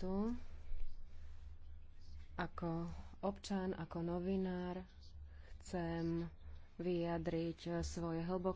parlamentu ako občan, ako novinár chcem vyjadriť svoje hlboké